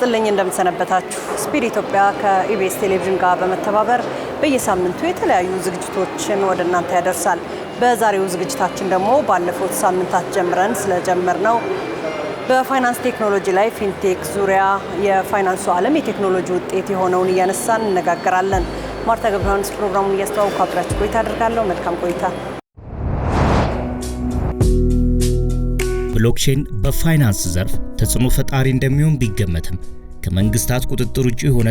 ይስጥልኝ እንደምትሰነበታችሁ። ስፒድ ኢትዮጵያ ከኢቢኤስ ቴሌቪዥን ጋር በመተባበር በየሳምንቱ የተለያዩ ዝግጅቶችን ወደ እናንተ ያደርሳል። በዛሬው ዝግጅታችን ደግሞ ባለፉት ሳምንታት ጀምረን ስለጀመር ነው በፋይናንስ ቴክኖሎጂ ላይ ፊንቴክ ዙሪያ የፋይናንሱ ዓለም የቴክኖሎጂ ውጤት የሆነውን እያነሳን እነጋገራለን። ማርታ ገብረዮሐንስ ፕሮግራሙን እያስተዋወቅኩ አብራችሁ ቆይታ አድርጋለሁ። መልካም ቆይታ። ብሎክቼን በፋይናንስ ዘርፍ ተጽዕኖ ፈጣሪ እንደሚሆን ቢገመትም ከመንግስታት ቁጥጥር ውጭ የሆነ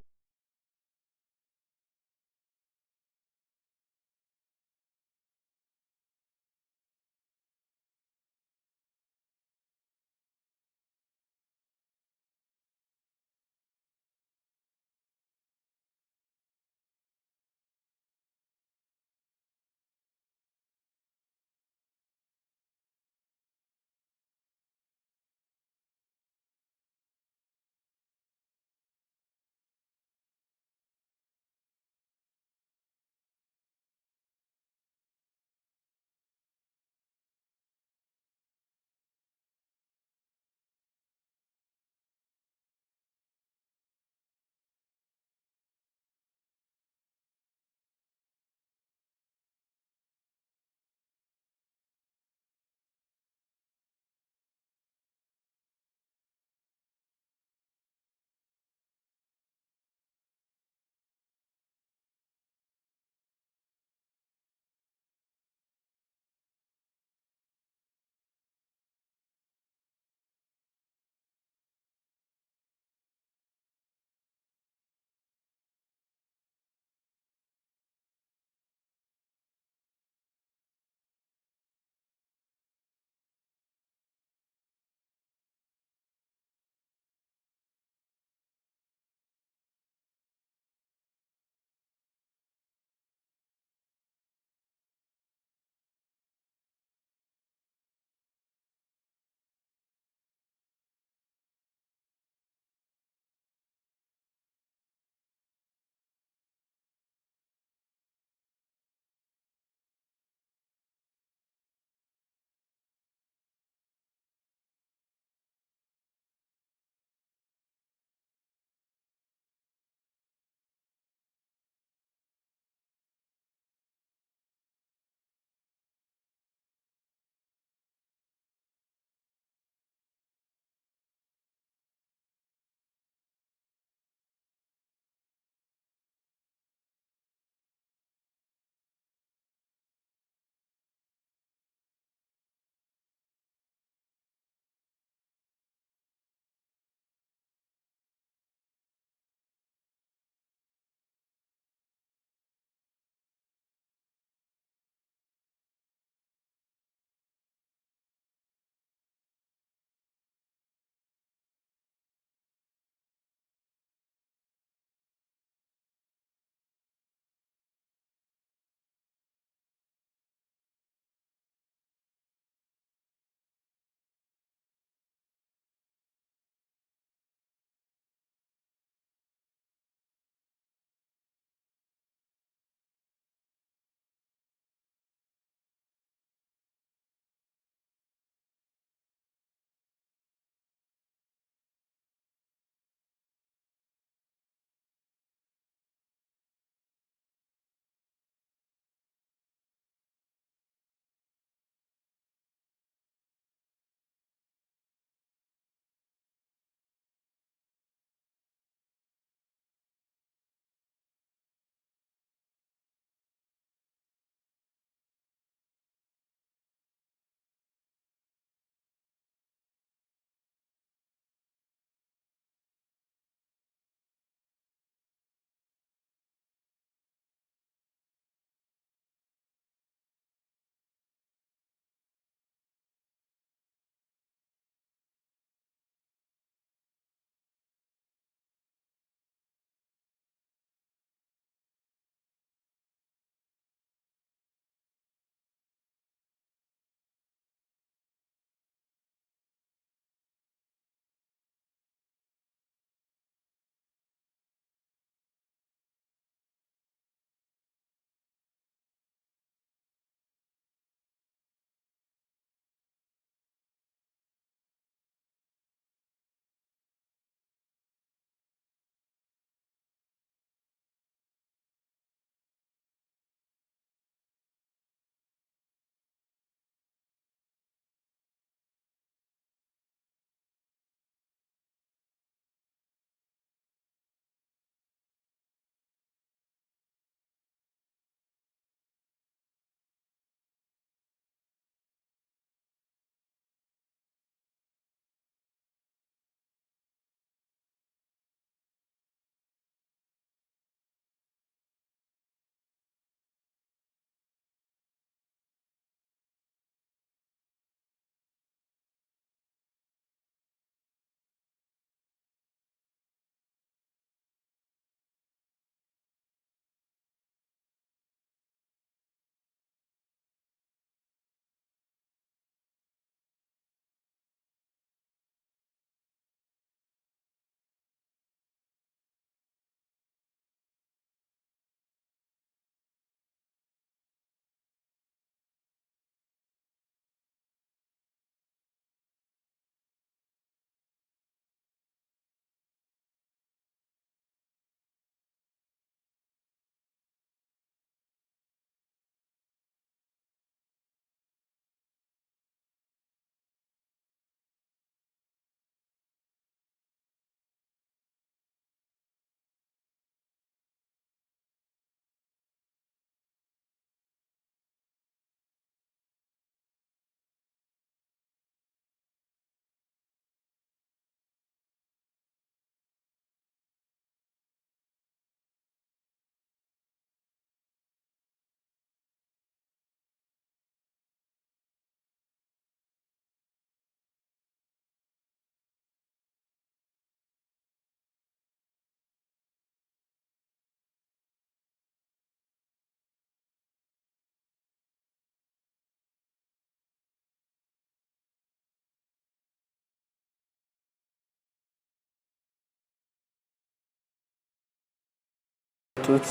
ቱት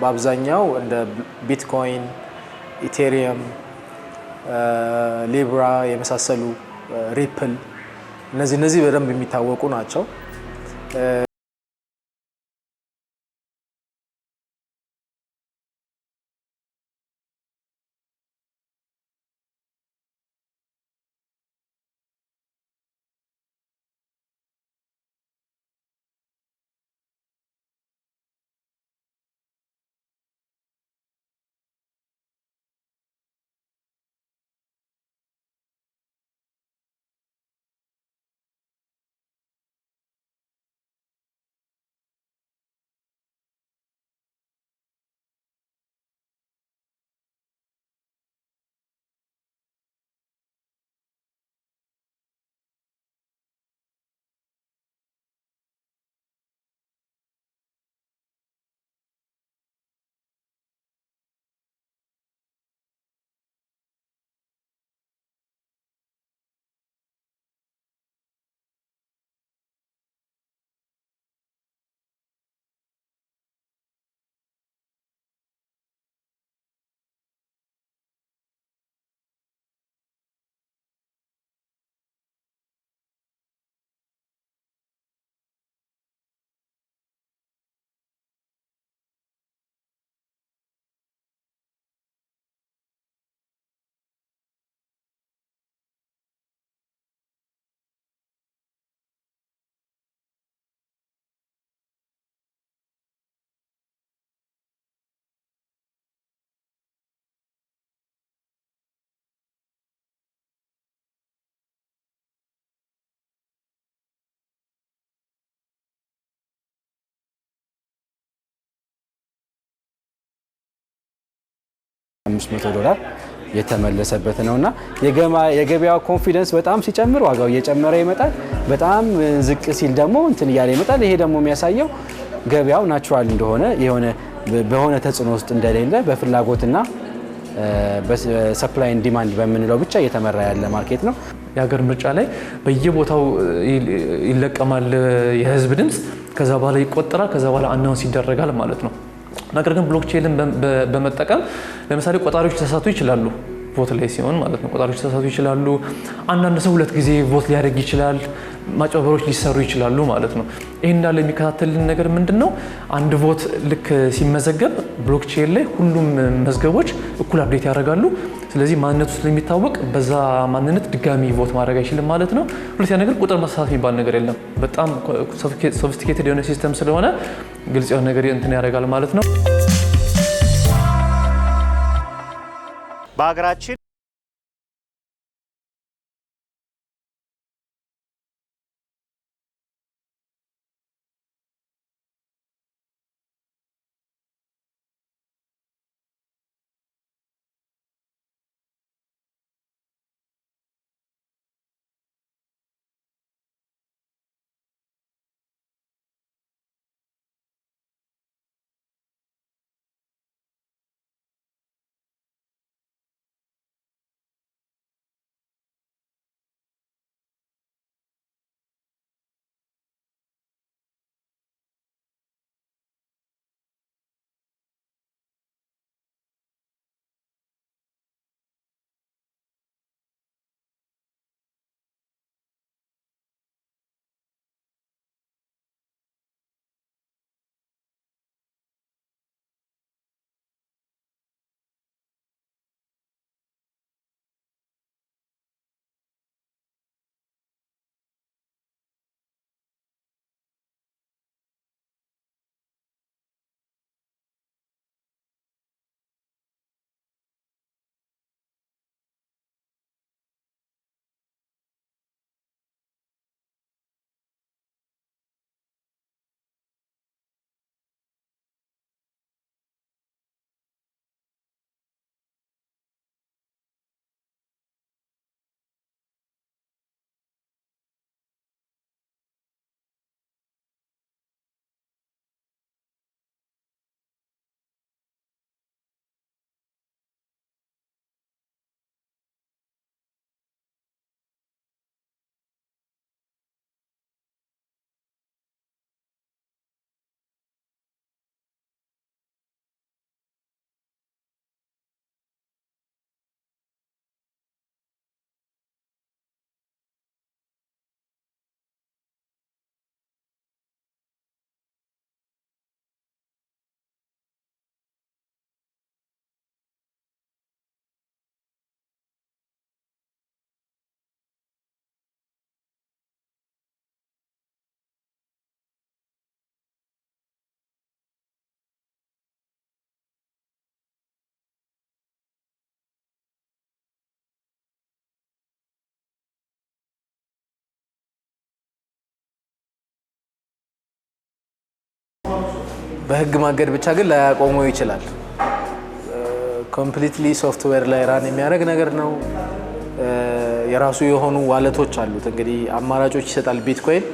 በአብዛኛው እንደ ቢትኮይን፣ ኢቴሪየም፣ ሊብራ የመሳሰሉ ሪፕል እነዚህ እነዚህ በደንብ የሚታወቁ ናቸው። 500 ዶላር የተመለሰበት ነውና የገበያ ኮንፊደንስ በጣም ሲጨምር ዋጋው እየጨመረ ይመጣል። በጣም ዝቅ ሲል ደግሞ እንትን እያለ ይመጣል። ይሄ ደግሞ የሚያሳየው ገበያው ናቹራል እንደሆነ የሆነ በሆነ ተጽዕኖ ውስጥ እንደሌለ በፍላጎትና በሰፕላይን ዲማንድ በምንለው ብቻ እየተመራ ያለ ማርኬት ነው። የሀገር ምርጫ ላይ በየቦታው ይለቀማል የህዝብ ድምፅ። ከዛ በኋላ ይቆጠራል። ከዛ በኋላ አናውንስ ይደረጋል ማለት ነው። ነገር ግን ብሎክቼንን በመጠቀም ለምሳሌ ቆጣሪዎች ተሳቱ ይችላሉ። ቮት ላይ ሲሆን ማለት ነው። ቆጣሪዎች ሊሳሳቱ ይችላሉ። አንዳንድ ሰው ሁለት ጊዜ ቮት ሊያደርግ ይችላል። ማጭበርበሮች ሊሰሩ ይችላሉ ማለት ነው። ይህ እንዳለ የሚከታተልን ነገር ምንድን ነው? አንድ ቮት ልክ ሲመዘገብ ብሎክቼን ላይ ሁሉም መዝገቦች እኩል አብዴት ያደርጋሉ። ስለዚህ ማንነቱ ስለሚታወቅ በዛ ማንነት ድጋሚ ቮት ማድረግ አይችልም ማለት ነው። ሁለተኛ ነገር ቁጥር መሳሳት የሚባል ነገር የለም። በጣም ሶፊስቲኬትድ የሆነ ሲስተም ስለሆነ ግልጽ የሆነ ነገር እንትን ያደርጋል ማለት ነው። በሀገራችን በህግ ማገድ ብቻ ግን ላያቆመው ይችላል። ኮምፕሊትሊ ሶፍትዌር ላይ ራን የሚያደርግ ነገር ነው። የራሱ የሆኑ ዋለቶች አሉት። እንግዲህ አማራጮች ይሰጣል ቢትኮይን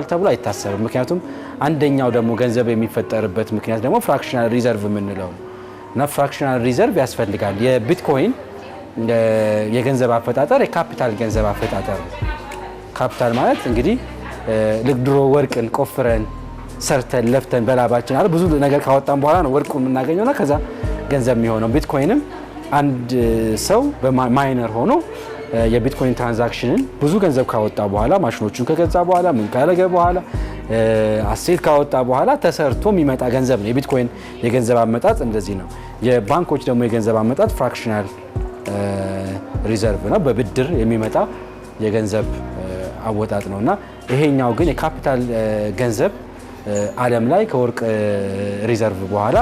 ል ተብሎ አይታሰብም። ምክንያቱም አንደኛው ደግሞ ገንዘብ የሚፈጠርበት ምክንያት ደግሞ ፍራክሽናል ሪዘርቭ የምንለው ነው እና ፍራክሽናል ሪዘርቭ ያስፈልጋል። የቢትኮይን የገንዘብ አፈጣጠር የካፒታል ገንዘብ አፈጣጠር ነው። ካፒታል ማለት እንግዲህ ልክ ድሮ ወርቅን ቆፍረን ሰርተን ለፍተን በላባችን አለ ብዙ ነገር ካወጣን በኋላ ነው ወርቁ የምናገኘውና ከዛ ገንዘብ የሚሆነው ቢትኮይንም አንድ ሰው በማይነር ሆኖ የቢትኮይን ትራንዛክሽንን ብዙ ገንዘብ ካወጣ በኋላ ማሽኖቹን ከገዛ በኋላ ምን ካረገ በኋላ አሴት ካወጣ በኋላ ተሰርቶ የሚመጣ ገንዘብ ነው። የቢትኮይን የገንዘብ አመጣጥ እንደዚህ ነው። የባንኮች ደግሞ የገንዘብ አመጣጥ ፍራክሽናል ሪዘርቭ ነው፣ በብድር የሚመጣ የገንዘብ አወጣጥ ነው እና ይሄኛው ግን የካፒታል ገንዘብ ዓለም ላይ ከወርቅ ሪዘርቭ በኋላ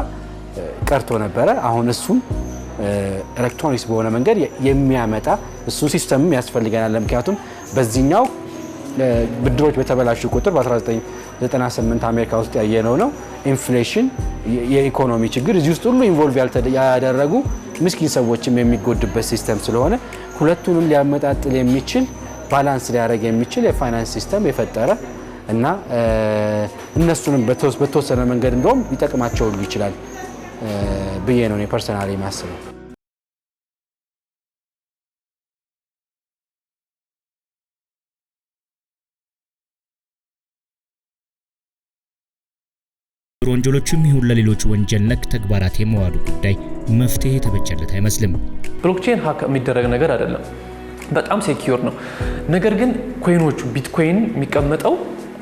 ቀርቶ ነበረ። አሁን እሱም ኤሌክትሮኒክስ በሆነ መንገድ የሚያመጣ እሱ ሲስተምም ያስፈልገናል። ምክንያቱም በዚህኛው ብድሮች በተበላሹ ቁጥር በ1998 አሜሪካ ውስጥ ያየነው ነው። ኢንፍሌሽን፣ የኢኮኖሚ ችግር እዚህ ውስጥ ሁሉ ኢንቮልቭ ያደረጉ ምስኪን ሰዎችም የሚጎድበት ሲስተም ስለሆነ ሁለቱንም ሊያመጣጥል የሚችል ባላንስ ሊያደርግ የሚችል የፋይናንስ ሲስተም የፈጠረ እና እነሱንም በተወሰነ መንገድ እንደውም ሊጠቅማቸው ይችላል ብዬ ነው ፐርሰናል ማስበው። ወንጀሎችም ይሁን ለሌሎች ወንጀል ነክ ተግባራት የመዋሉ ጉዳይ መፍትሄ የተበጀለት አይመስልም። ብሎክቼን ሀክ የሚደረግ ነገር አይደለም፣ በጣም ሴኪዮር ነው። ነገር ግን ኮይኖቹ ቢትኮይን የሚቀመጠው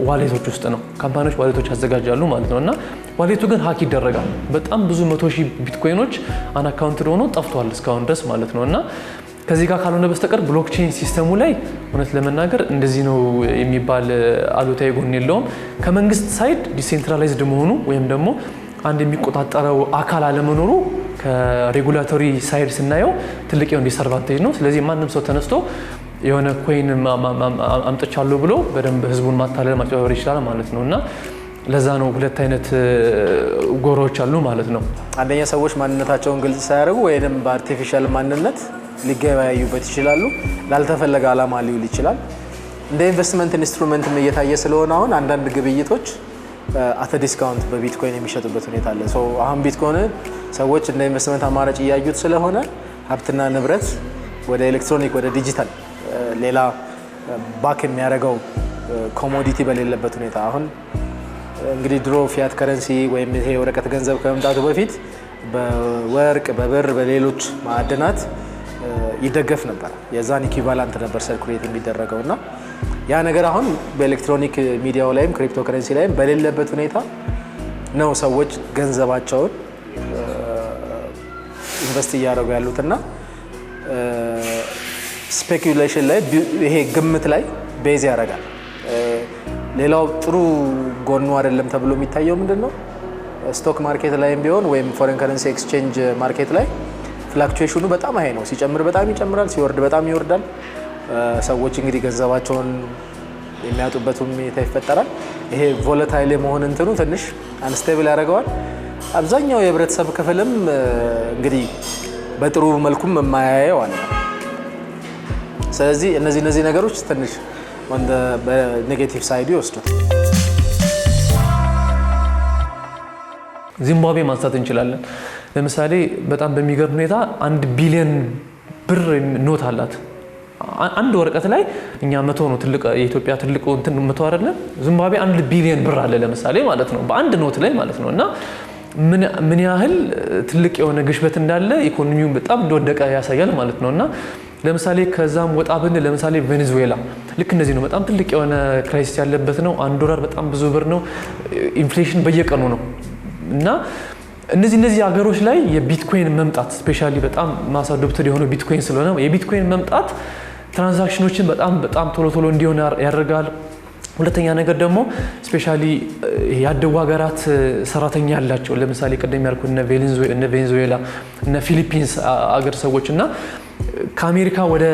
ዋሌቶች ውስጥ ነው። ካምፓኒዎች ዋሌቶች ያዘጋጃሉ ማለት ነው እና ዋሌቱ ግን ሀክ ይደረጋል። በጣም ብዙ መቶ ሺህ ቢትኮይኖች አን አካውንት ሆኖ ጠፍተዋል እስካሁን ድረስ ማለት ነው እና ከዚህ ጋር ካልሆነ በስተቀር ብሎክቼን ሲስተሙ ላይ እውነት ለመናገር እንደዚህ ነው የሚባል አሉታዊ ጎን የለውም። ከመንግስት ሳይድ ዲሴንትራላይዝድ መሆኑ ወይም ደግሞ አንድ የሚቆጣጠረው አካል አለመኖሩ ከሬጉላቶሪ ሳይድ ስናየው ትልቅ የሆነ ዲስአድቫንቴጅ ነው። ስለዚህ ማንም ሰው ተነስቶ የሆነ ኮይን አምጥቻለሁ ብሎ በደንብ ህዝቡን ማታለል ማጭበርበር ይችላል ማለት ነው እና ለዛ ነው ሁለት አይነት ጎራዎች አሉ ማለት ነው። አንደኛ ሰዎች ማንነታቸውን ግልጽ ሳያደርጉ ወይም በአርቲፊሻል ማንነት ሊገበያዩበት ይችላሉ። ላልተፈለገ ዓላማ ሊውል ይችላል። እንደ ኢንቨስትመንት ኢንስትሩመንት እየታየ ስለሆነ አሁን አንዳንድ ግብይቶች አተ uh, ዲስካውንት በቢትኮይን የሚሸጡበት ሁኔታ አለ። አሁን ቢትኮይን ሰዎች እንደ ኢንቨስትመንት አማራጭ እያዩት ስለሆነ ሀብትና ንብረት ወደ ኤሌክትሮኒክ ወደ ዲጂታል uh, ሌላ ባክ uh, የሚያደርገው ኮሞዲቲ በሌለበት ሁኔታ አሁን እንግዲህ ድሮ ፊያት ከረንሲ ወይም ይሄ ወረቀት ገንዘብ ከመምጣቱ በፊት በወርቅ፣ በብር፣ በሌሎች ማዕድናት ይደገፍ ነበር። የዛን ኢኪቫላንት ነበር ሰርኩሌት የሚደረገው እና ያ ነገር አሁን በኤሌክትሮኒክ ሚዲያው ላይም ክሪፕቶከረንሲ ከረንሲ ላይም በሌለበት ሁኔታ ነው ሰዎች ገንዘባቸውን ኢንቨስት uh, እያደረጉ ያሉትና ስፔኩሌሽን uh, ላይ ይሄ ግምት ላይ ቤዝ ያደርጋል። uh, ሌላው ጥሩ ጎኑ አይደለም ተብሎ የሚታየው ምንድን ነው? ስቶክ ማርኬት ላይም ቢሆን ወይም ፎሬን ከረንሲ ኤክስቼንጅ ማርኬት ላይ ፍላክቹዌሽኑ በጣም አይ ነው። ሲጨምር በጣም ይጨምራል፣ ሲወርድ በጣም ይወርዳል። ሰዎች እንግዲህ ገንዘባቸውን የሚያጡበት ሁኔታ ይፈጠራል። ይሄ ቮለታይል የመሆን እንትኑ ትንሽ አንስቴብል ያደርገዋል። አብዛኛው የህብረተሰብ ክፍልም እንግዲህ በጥሩ መልኩም የማያየው አለ። ስለዚህ እነዚህ እነዚህ ነገሮች ትንሽ በኔጌቲቭ ሳይዱ ይወስዱት። ዚምባብዌ ማንሳት እንችላለን። ለምሳሌ በጣም በሚገርም ሁኔታ አንድ ቢሊዮን ብር ኖት አላት። አንድ ወረቀት ላይ እኛ መቶ ነው ትልቅ የኢትዮጵያ ትልቅ እንትን መቶ አይደለ? ዚምባብዌ አንድ ቢሊዮን ብር አለ ለምሳሌ ማለት ነው፣ በአንድ ኖት ላይ ማለት ነው። እና ምን ያህል ትልቅ የሆነ ግሽበት እንዳለ ኢኮኖሚውን በጣም እንደወደቀ ያሳያል ማለት ነው። እና ለምሳሌ ከዛም ወጣ ብን ለምሳሌ ቬኔዙዌላ ልክ እነዚህ ነው። በጣም ትልቅ የሆነ ክራይሲስ ያለበት ነው። አንድ ዶላር በጣም ብዙ ብር ነው። ኢንፍሌሽን በየቀኑ ነው እና እነዚህ እነዚህ ሀገሮች ላይ የቢትኮይን መምጣት ስፔሻሊ በጣም ማሳ አዶፕትድ የሆነው ቢትኮይን ስለሆነ የቢትኮይን መምጣት ትራንዛክሽኖችን በጣም በጣም ቶሎ ቶሎ እንዲሆን ያደርጋል። ሁለተኛ ነገር ደግሞ ስፔሻሊ ያደጉ ሀገራት ሰራተኛ ያላቸው ለምሳሌ ቅድም ያልኩ እነ ቬንዙዌላ እነ ፊሊፒንስ አገር ሰዎች እና ከአሜሪካ ወደ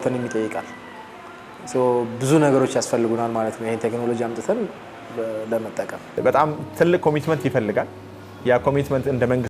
እንትንም ይጠይቃል። ብዙ ነገሮች ያስፈልጉናል ማለት ነው። ይሄን ቴክኖሎጂ አምጥተን ለመጠቀም በጣም ትልቅ ኮሚትመንት ይፈልጋል። ያ ኮሚትመንት እንደ መንግስት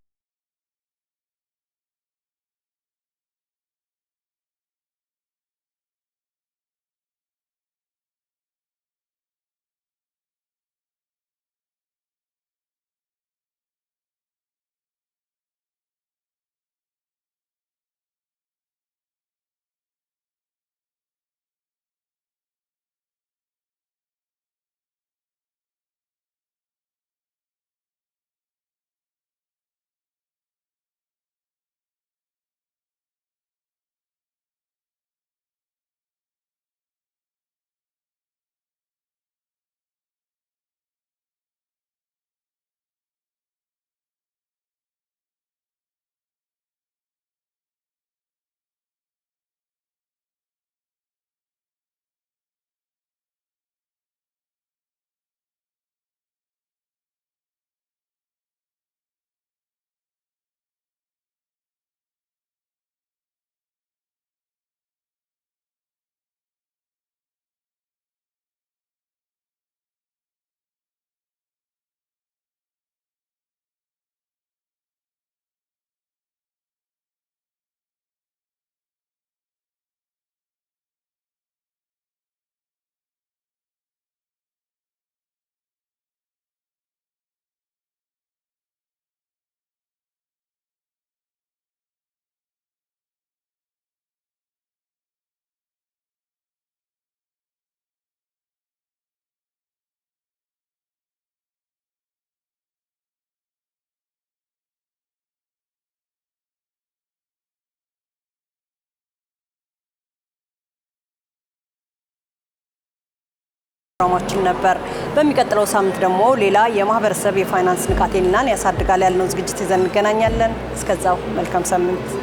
ፕሮግራማችን ነበር። በሚቀጥለው ሳምንት ደግሞ ሌላ የማህበረሰብ የፋይናንስ ንቃቴናን ያሳድጋል ያለውን ዝግጅት ይዘን እንገናኛለን። እስከዛው መልካም ሳምንት።